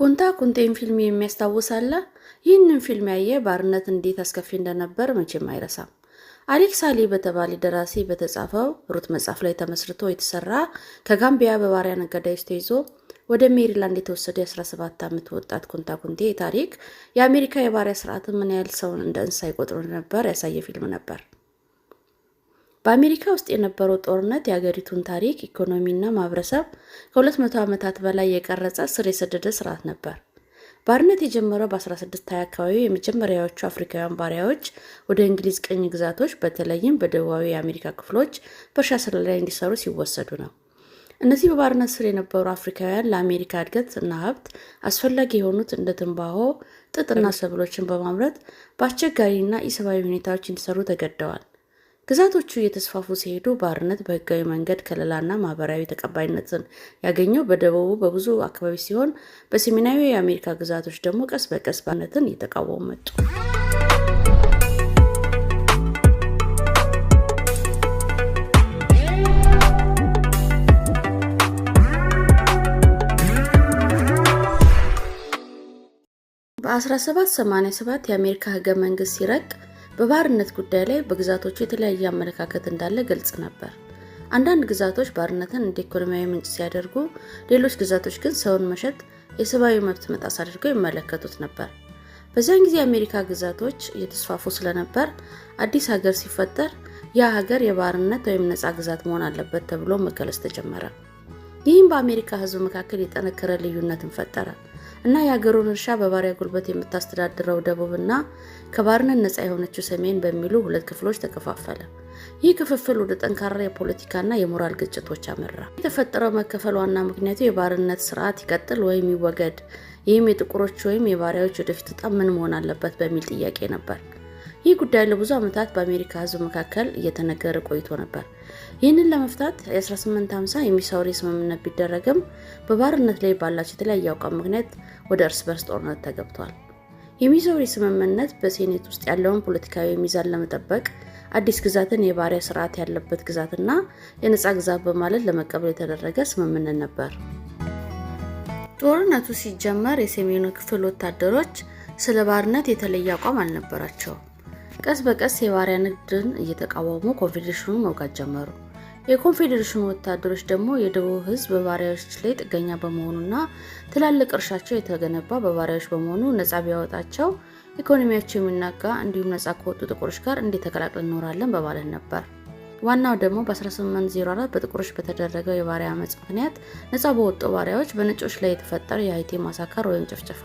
ኩንታ ኩንቴን ፊልም የሚያስታውሳለ። ይህንን ፊልም ያየ ባርነት እንዴት አስከፊ እንደነበር መቼም አይረሳም። አሌክስ አሊ በተባለ ደራሲ በተጻፈው ሩት መጽሐፍ ላይ ተመስርቶ የተሰራ ከጋምቢያ በባሪያ ነጋዴዎች ተይዞ ወደ ሜሪላንድ የተወሰደ የ17 ዓመት ወጣት ኩንታ ኩንቴ ታሪክ የአሜሪካ የባሪያ ስርዓት ምን ያህል ሰውን እንደ እንስሳ ይቆጥሩ እንደነበር ያሳየ ፊልም ነበር። በአሜሪካ ውስጥ የነበረው ጦርነት የአገሪቱን ታሪክ፣ ኢኮኖሚና ማህበረሰብ ከ200 ዓመታት በላይ የቀረጸ ስር የሰደደ ስርዓት ነበር። ባርነት የጀመረው በ1620 አካባቢ የመጀመሪያዎቹ አፍሪካውያን ባሪያዎች ወደ እንግሊዝ ቅኝ ግዛቶች በተለይም በደቡባዊ የአሜሪካ ክፍሎች በእርሻ ስራ ላይ እንዲሰሩ ሲወሰዱ ነው። እነዚህ በባርነት ስር የነበሩ አፍሪካውያን ለአሜሪካ እድገት እና ሀብት አስፈላጊ የሆኑት እንደ ትንባሆ፣ ጥጥና ሰብሎችን በማምረት በአስቸጋሪና ኢሰብአዊ ሁኔታዎች እንዲሰሩ ተገደዋል። ግዛቶቹ እየተስፋፉ ሲሄዱ ባርነት በህጋዊ መንገድ ከለላና ማህበራዊ ተቀባይነትን ያገኘው በደቡቡ በብዙ አካባቢ ሲሆን በሰሜናዊ የአሜሪካ ግዛቶች ደግሞ ቀስ በቀስ ባርነትን እየተቃወሙ መጡ። በ1787 የአሜሪካ ህገ መንግስት ሲረቅ በባርነት ጉዳይ ላይ በግዛቶቹ የተለያየ አመለካከት እንዳለ ግልጽ ነበር። አንዳንድ ግዛቶች ባርነትን እንደ ኢኮኖሚያዊ ምንጭ ሲያደርጉ፣ ሌሎች ግዛቶች ግን ሰውን መሸጥ የሰብአዊ መብት መጣስ አድርገው ይመለከቱት ነበር። በዚያን ጊዜ የአሜሪካ ግዛቶች እየተስፋፉ ስለነበር አዲስ ሀገር ሲፈጠር ያ ሀገር የባርነት ወይም ነፃ ግዛት መሆን አለበት ተብሎ መገለጽ ተጀመረ። ይህም በአሜሪካ ሕዝብ መካከል የጠነከረ ልዩነትን ፈጠረ። እና የሀገሩን እርሻ በባሪያ ጉልበት የምታስተዳድረው ደቡብና ከባርነት ነፃ የሆነችው ሰሜን በሚሉ ሁለት ክፍሎች ተከፋፈለ። ይህ ክፍፍል ወደ ጠንካራ የፖለቲካና የሞራል ግጭቶች አመራ። የተፈጠረው መከፈል ዋና ምክንያቱ የባርነት ስርዓት ይቀጥል ወይም ይወገድ፣ ይህም የጥቁሮች ወይም የባሪያዎች ወደፊት ዕጣ ምን መሆን አለበት በሚል ጥያቄ ነበር። ይህ ጉዳይ ለብዙ ዓመታት በአሜሪካ ህዝብ መካከል እየተነገረ ቆይቶ ነበር። ይህንን ለመፍታት የ1850 የሚሳውሪ ስምምነት ቢደረግም በባርነት ላይ ባላቸው የተለያየ አቋም ምክንያት ወደ እርስ በርስ ጦርነት ተገብቷል። የሚሳውሪ ስምምነት በሴኔት ውስጥ ያለውን ፖለቲካዊ ሚዛን ለመጠበቅ አዲስ ግዛትን የባሪያ ስርዓት ያለበት ግዛትና የነፃ ግዛት በማለት ለመቀበል የተደረገ ስምምነት ነበር። ጦርነቱ ሲጀመር የሰሜኑ ክፍል ወታደሮች ስለ ባርነት የተለየ አቋም አልነበራቸው። ቀስ በቀስ የባሪያ ንግድን እየተቃወሙ ኮንፌዴሬሽኑን መውጋት ጀመሩ። የኮንፌዴሬሽኑ ወታደሮች ደግሞ የደቡብ ህዝብ በባሪያዎች ላይ ጥገኛ በመሆኑና ትላልቅ እርሻቸው የተገነባ በባሪያዎች በመሆኑ ነፃ ቢያወጣቸው ኢኮኖሚያቸው የሚናጋ እንዲሁም ነፃ ከወጡ ጥቁሮች ጋር እንዴት ተቀላቅለን እንኖራለን በማለት ነበር። ዋናው ደግሞ በ1804 በጥቁሮች በተደረገው የባሪያ አመፅ ምክንያት ነጻ በወጡ ባሪያዎች በነጮች ላይ የተፈጠረ የሀይቲ ማሳከር ወይም ጭፍጨፋ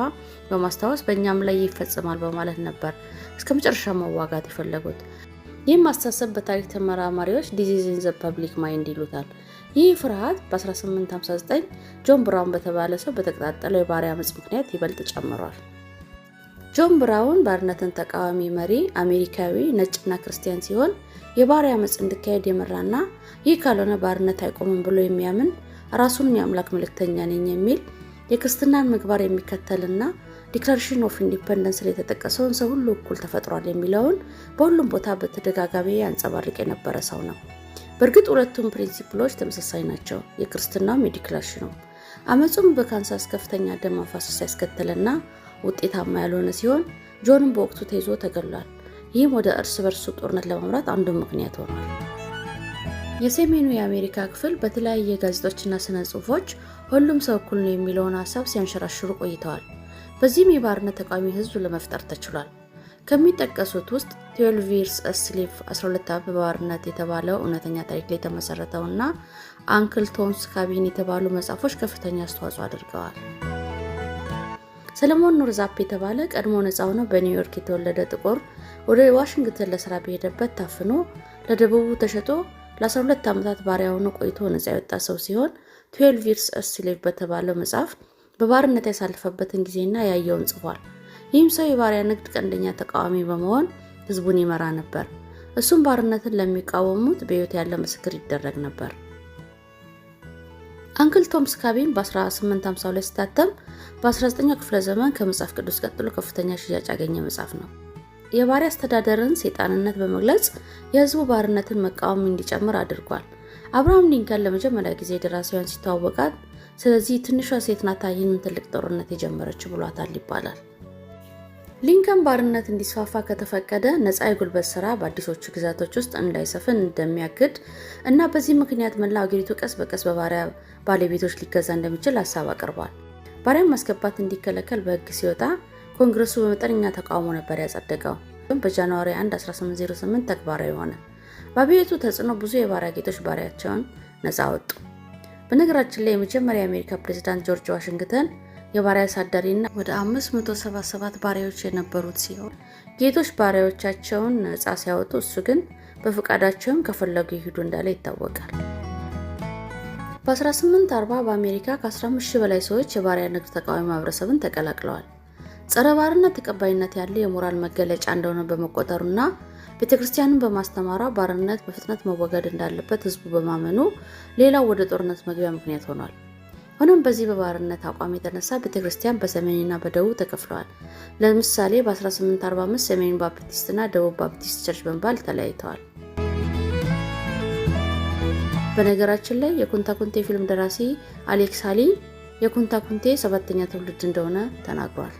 በማስታወስ በእኛም ላይ ይፈጽማል በማለት ነበር እስከ መጨረሻ መዋጋት የፈለጉት። ይህም ማስተሰብ በታሪክ ተመራማሪዎች ዲዚዝ ኢን ዘ ፐብሊክ ማይንድ ይሉታል። ይህ ፍርሃት በ1859 ጆን ብራውን በተባለ ሰው በተቀጣጠለው የባሪያ አመፅ ምክንያት ይበልጥ ጨምሯል። ጆን ብራውን ባርነትን ተቃዋሚ መሪ አሜሪካዊ ነጭና ክርስቲያን ሲሆን የባሪያ አመፅ እንዲካሄድ የመራና ይህ ካልሆነ ባርነት አይቆምም ብሎ የሚያምን ራሱን የአምላክ መልእክተኛ ነኝ የሚል የክርስትናን ምግባር የሚከተልና ዲክላሬሽን ኦፍ ኢንዲፐንደንስ ላይ የተጠቀሰውን ሰው ሁሉ እኩል ተፈጥሯል የሚለውን በሁሉም ቦታ በተደጋጋሚ ያንጸባርቅ የነበረ ሰው ነው። በእርግጥ ሁለቱም ፕሪንሲፕሎች ተመሳሳይ ናቸው። የክርስትናውም የዲክላሬሽኑም። አመፁም በካንሳስ ከፍተኛ ደም መፋሰስ ያስከተለና ውጤታማ ያልሆነ ሲሆን ጆንም በወቅቱ ተይዞ ተገሏል። ይህም ወደ እርስ በርሱ ጦርነት ለማምራት አንዱ ምክንያት ሆኗል። የሰሜኑ የአሜሪካ ክፍል በተለያየ ጋዜጦችና ስነ ጽሑፎች ሁሉም ሰው እኩል ነው የሚለውን ሀሳብ ሲያንሸራሽሩ ቆይተዋል። በዚህም የባርነት ተቃዋሚ ህዝብ ለመፍጠር ተችሏል። ከሚጠቀሱት ውስጥ ትዌልቭ ይርስ ኤ ስሌቭ 12 ዓመት በባርነት የተባለው እውነተኛ ታሪክ ላይ የተመሰረተውና አንክል ቶምስ ካቢን የተባሉ መጽሐፎች ከፍተኛ አስተዋጽኦ አድርገዋል። ሰለሞን ኑር ዛፕ የተባለ ቀድሞ ነፃ ሆነው በኒውዮርክ የተወለደ ጥቁር ወደ ዋሽንግተን ለስራ በሄደበት ታፍኖ ለደቡቡ ተሸጦ ለ12 ዓመታት ባሪያ ሆኖ ቆይቶ ነፃ የወጣ ሰው ሲሆን ትዌልቭ ይርስ ስሌቭ በተባለው መጽሐፍ በባርነት ያሳልፈበትን ጊዜና ያየውን ጽፏል። ይህም ሰው የባሪያ ንግድ ቀንደኛ ተቃዋሚ በመሆን ህዝቡን ይመራ ነበር። እሱም ባርነትን ለሚቃወሙት በሕይወት ያለ ምስክር ይደረግ ነበር። አንክል ቶምስ ካቢን በ1852 ሲታተም በ19ኛው ክፍለ ዘመን ከመጽሐፍ ቅዱስ ቀጥሎ ከፍተኛ ሽያጭ ያገኘ መጽሐፍ ነው። የባሪያ አስተዳደርን ሰይጣንነት በመግለጽ የህዝቡ ባርነትን መቃወም እንዲጨምር አድርጓል። አብርሃም ሊንከን ለመጀመሪያ ጊዜ ደራሲዋን ሲተዋወቃት፣ ስለዚህ ትንሿ ሴት ናት ይህንን ትልቅ ጦርነት የጀመረችው ብሏታል ይባላል። ሊንከን ባርነት እንዲስፋፋ ከተፈቀደ ነፃ የጉልበት ስራ በአዲሶቹ ግዛቶች ውስጥ እንዳይሰፍን እንደሚያግድ እና በዚህ ምክንያት መላ አገሪቱ ቀስ በቀስ በባሪያ ባለቤቶች ሊገዛ እንደሚችል ሀሳብ አቅርቧል። ባሪያን ማስገባት እንዲከለከል በህግ ሲወጣ ኮንግረሱ በመጠነኛ ተቃውሞ ነበር ያጸደቀው። በጃንዋሪ 1 1808 ተግባራዊ ሆነ። በአብዮቱ ተጽዕኖ ብዙ የባሪያ ጌቶች ባሪያቸውን ነፃ ወጡ። በነገራችን ላይ የመጀመሪያ የአሜሪካ ፕሬዚዳንት ጆርጅ ዋሽንግተን የባሪያ አሳዳሪና ወደ 577 ባሪያዎች የነበሩት ሲሆን ጌቶች ባሪያዎቻቸውን ነፃ ሲያወጡ እሱ ግን በፈቃዳቸውም ከፈለጉ ይሄዱ እንዳለ ይታወቃል። በ1840 በአሜሪካ ከ15 ሺህ በላይ ሰዎች የባሪያ ንግድ ተቃዋሚ ማህበረሰብን ተቀላቅለዋል። ጸረ ባርነት ተቀባይነት ያለው የሞራል መገለጫ እንደሆነ በመቆጠሩና ቤተክርስቲያንን በማስተማሯ ባርነት በፍጥነት መወገድ እንዳለበት ህዝቡ በማመኑ ሌላው ወደ ጦርነት መግቢያ ምክንያት ሆኗል። ሆኖም በዚህ በባርነት አቋም የተነሳ ቤተ ክርስቲያን በሰሜንና በደቡብ ተከፍለዋል። ለምሳሌ በ1845 ሰሜን ባፕቲስትና ደቡብ ባፕቲስት ቸርች በመባል ተለያይተዋል። በነገራችን ላይ የኩንታኩንቴ ፊልም ደራሲ አሌክስ ሃሊ የኩንታኩንቴ ሰባተኛ ትውልድ እንደሆነ ተናግሯል።